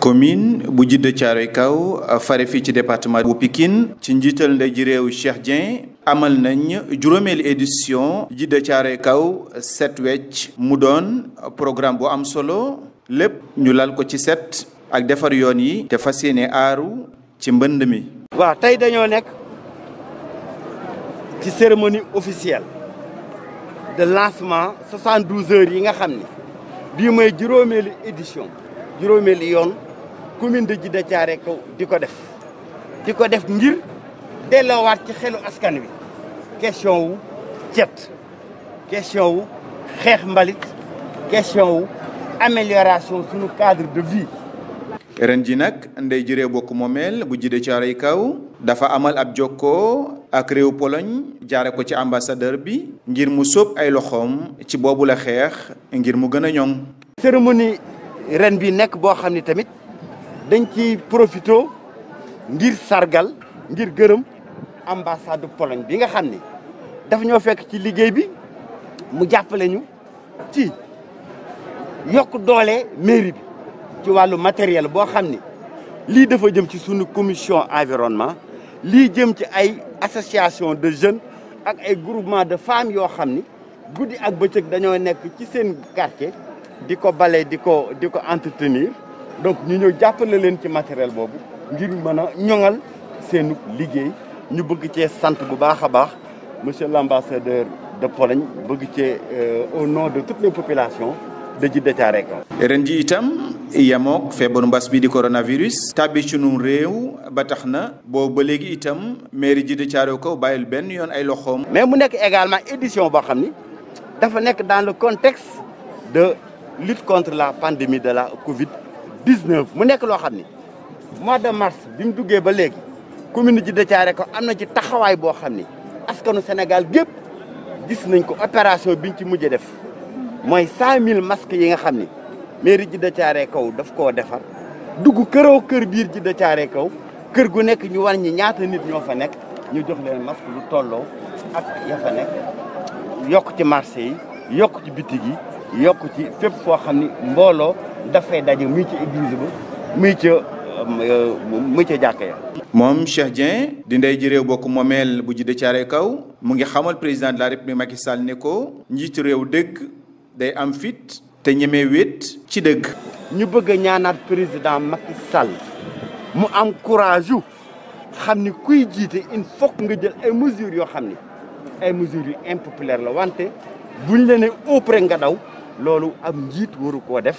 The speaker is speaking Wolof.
commune bu Djiddah Thiaroye Kaw fare fii ci département bu Pikine ci njiital ndey ji réew Cheikh Dieng amal nañ juróomeelu édition Djiddah Thiaroye Kaw set wecc mu doon programme bu am solo lépp ñu lal ko ci set ak defar yoon yi te fas yéene aaru ci mbënd mi waaw tey dañoo nekk ci cérémonie officielle de lancement 72 heures yi nga xamni bi juromel édition juromel la commune de def diko def ngir ci xélu askan wi question wu La question wu xex mbalit question wu amélioration suñu cadre de vie ren bokk dafa amal ab ak réew Pologne jaare ko ci ambassadeur bi ngir mu sóob ay loxoom ci boobu xeex ngir mu gën a ñoŋ. cérémonie ren bi nekk boo xam ni tamit dañ ci profito ngir sargal ngir gërëm ambassade Pologne bi nga xam ni dafa ñoo fekk ci liggéey bi mu jàppale ñu ci yokk doole mairie bi ci wàllu matériel boo xam ni lii dafa jëm ci sunu commission environnement. lii jëm ci ay association de jeunes ak ay groupement de femmes yoo xam ni guddi ak bëccëg dañoo nekk ci seen quartier diko ko diko diko entretenir donc ñu ñëw jàppale leen ci matériel bobu ngir mëna ñongal ñoŋal seenu liggéey ñu bëgg ci sant bu baaxa baax monsieur l'ambassadeur de Pologne bëgg ci euh, au nom de toutes les populations Djidah Thiaroye Kaw ren ji itam yamook feebaru mbas bi di coronavirus tàbbi ci nun rew ba taxna bo ba léegi itam maire Djidah Thiaroye Kaw bayil ben yon ay loxom mais mu nek également édition bo xamni dafa nek dans le contexte de lutte contre la pandémie de la Covid 19 mu nek lo xamni mois de mars bi mu duggee ba léegi commune Djidah Thiaroye Kaw am ci taxaway bo xamni askanu Sénégal gep gis nañ ko opération biñ ci mujjé def mooy cent mille masques yi nga xam ni mairie Djiddah caaree Kaw daf koo defar dugg këroo kër biir Djiddah caaree Kaw kër gu nekk ñu war ñi ñaata nit ñoo fa nekk ñu jox leen masque lu tolloo ak ya fa nekk yokk ci marché yi yokk ci bitig yi yokk ci fépp foo xam ni mbooloo dafay daje mu ci église ba mu ca euh, muy ca jàkka ya moom Cheikh Dieng di ndey ji réew bokk moomeel bu Djiddah caaree Kaw mu ngi xamal président de la république Macky Sall ne ko njiitu réew dëgg day am fit te ñemee wéet ci dëgg. ñu bëgg a ñaanaat président Macky Sall mu am courage yu xam ni kuy jiite il faut nga jël ay mesures yoo xam ni ay mesures yu impopulaire la wante buñ la ne ëpp nga daw loolu am njiit waru koo def.